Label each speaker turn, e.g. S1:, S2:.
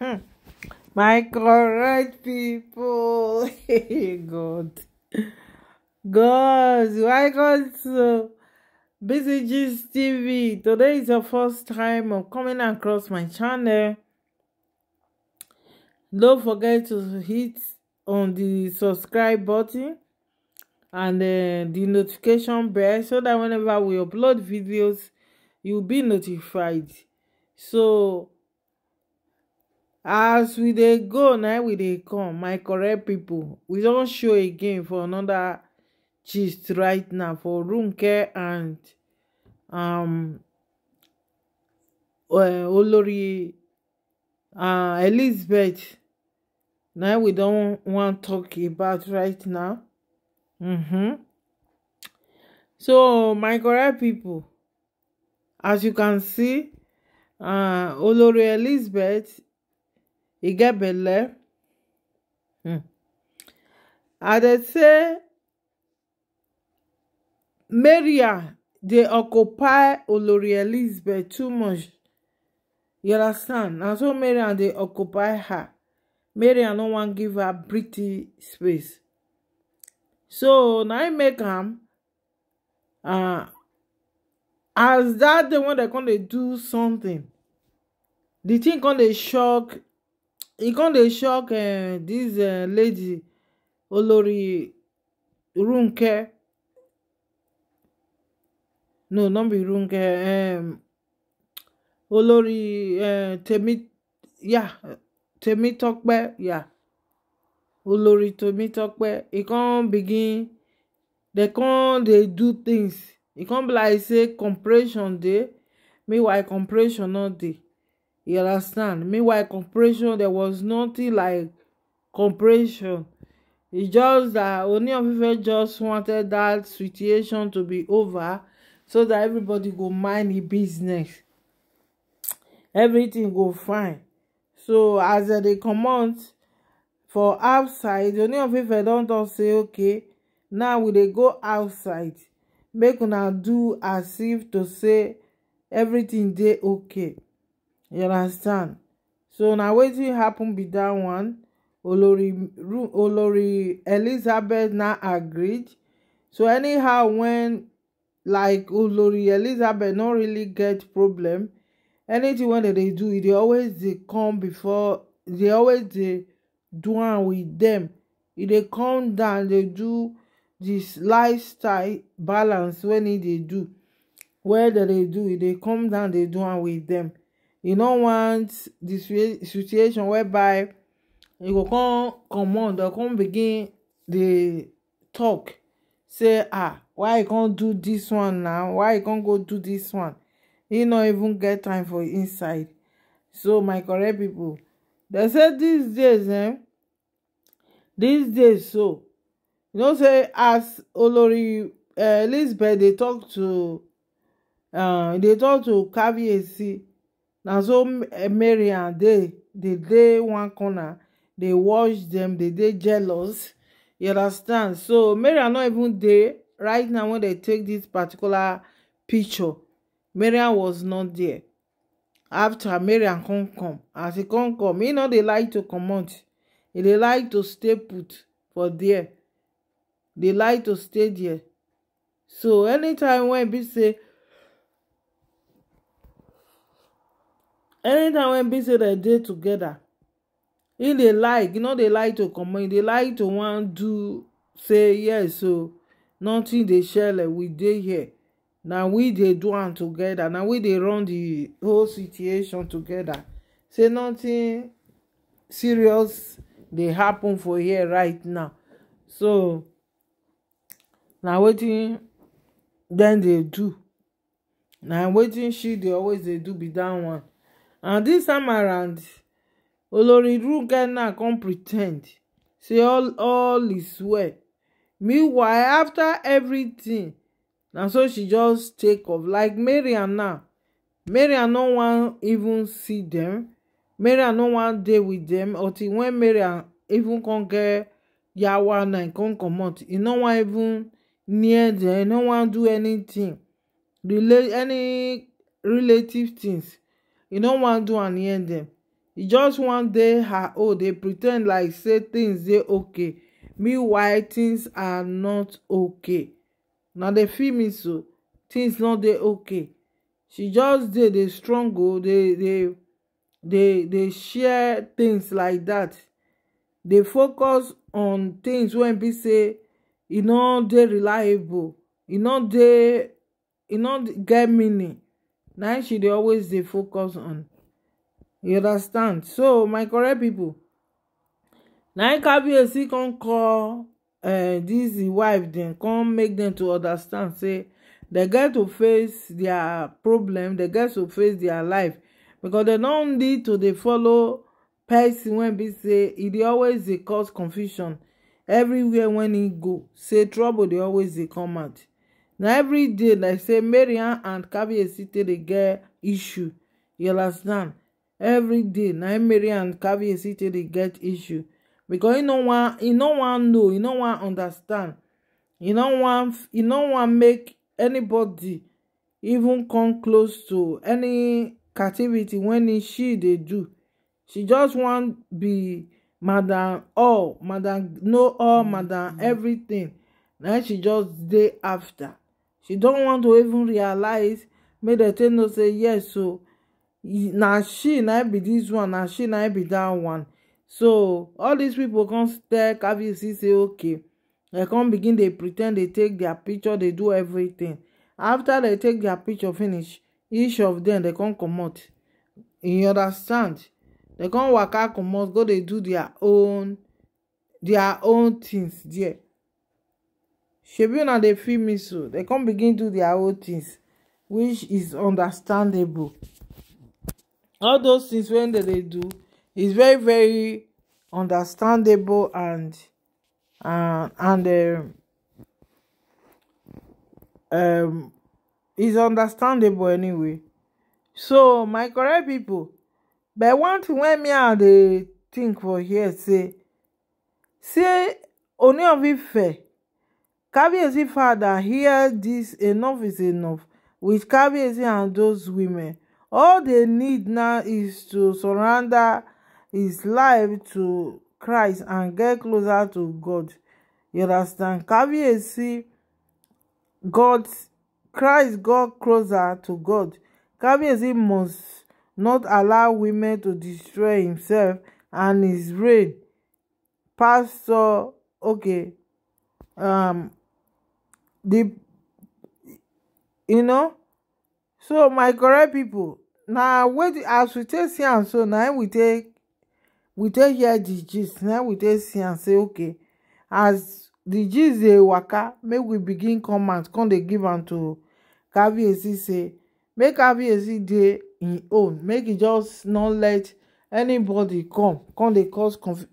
S1: Hmm. My correct people. Hey, God. God, welcome to BCG's TV. Today is the first time of coming across my channel. Don't forget to hit on the subscribe button and uh, the notification bell so that whenever we upload videos, you'll be notified. So, as we dey go now, we dey come my correct people. we don show again for another gist right now for room care and um eh, uh, olori elizabeth Now we don wan talk about right now hmm so my correct people, as you can see uh, olori elizabeth e get belle hmm, i dey say Maria dey occupy Olori Elizabeth too much you understand na so Mariam dey occupy her Mariam no wan give her pretty space so na im make am uh, as dat day wen dem come dey do something The thing come dey shock e con dey shock um dis um lady olori runke no no be runke um, olori um, temi ya temitope yeah. olori temitope e con begin dey con dey do things e con be like say compression dey meanwhile compression no dey you understand meanwhile compression. there was nothing like compression. it's just that only of Ife just wanted that situation to be over so that everybody go mind him business everything go fine so as they dey comot for outside only of Ife don't talk say okay now we they go outside make una do as if to say everything dey okay you understand so na wetin happen be that one olori olori elizabeth not agreed so anyhow when like olori elizabeth not really get problem Anything when they do e dey always they come before They e always they do am wit dem e dey come down They do this lifestyle balance When e dey do Where dem dey do e dey come down They do am wit dem You no want the situation whereby you go come comot or come begin dey talk. say ah why e come do this one now why e come go do this one e no even get time for inside so my correct people, dem say these days eh These days so you know say as olori eh, elizabeth dey talk to uh, dey talk to kabiyesi na so eh, mary and they, dey dey one corner dey watch them, dey dey jealous you understand so mariam no even dey right now when they take this particular picture mariam was not there After mariam come come as he come come he no dey like to comot He dey like to stay put for there dey like to stay there so anytime when be say anytime when be say dem dey together e dey like e no dey like to comot e dey like to wan do say yes so, nothing dey shele we dey here na we dey do am together na we dey run the whole situation together say nothing serious dey happen for here right now so na wetin dem dey do na wetin she dey always dey do be dat one and this time around olori runke now come pretend say all all is well meanwhile after everything na so she just take off like marian now marian no wan even see dem marian no wan dey with dem until when marian even come get yawa na e come comot e no wan even near dem e no wan do anything any relative things You no wan do am near dem e just wan dey her own dey pretend like say things dey okay meanwhile things are not okay na dey feel me so things no dey okay she just dey dey struggle o dey dey dey dey share things like that dey focus on things wey be say e no dey reliable e no dey e no get meaning na she dey always dey focus on you understand so my correct pipo na im kabiyesi come call dis eh, wife dem come make dem to understand say dem get to face their problem dem get to face their life because dem don need to dey follow person wey be say e dey always dey cause confusion everywhere wen e go say trouble dey always dey come out na every day like say mariam and kabiyesi take dey get issue you understand every day na mariam and kabiyesi take dey get issue because he no wan he no wan know he no wan understand he no wan he no wan make anybody even come close to any captivity when she dey do she just wan be madam all madam know all madam mm-hmm. everything na she just dey after she don't want to even realize make dem take know say yes So na she na be this one na she na be that one so all these people come tell caviecy say okay dem come begin dey pretend dey take their picture dey do everything After dem take their picture finish each of dem dem come comot you understand dem come waka comot go dey do their own Their own things. there shebi una dey feel me so dem come begin do their own things which is understandable all those things when they dey do is very very understandable and uh, and um, um is understandable anyway so my correct people, but one thing wey me and they think for here say say Ooni of fair. Kabiyesi father hear this enough is enough with Kabiyesi and those women. All they need now is to surrender his life to Christ and get closer to God. You understand? Kabiyesi got Christ got closer to God. Kabiyesi must not allow women to destroy himself and his reign. Pastor, okay, um, the you know so my correct pipo na wetin as we take see am so na we take we take hear the gist na we take see am say okay as the gist dey waka make we begin comment come dey give am to caviarcy say make caviarcy dey im own make e just not let anybody come come dey cause confusion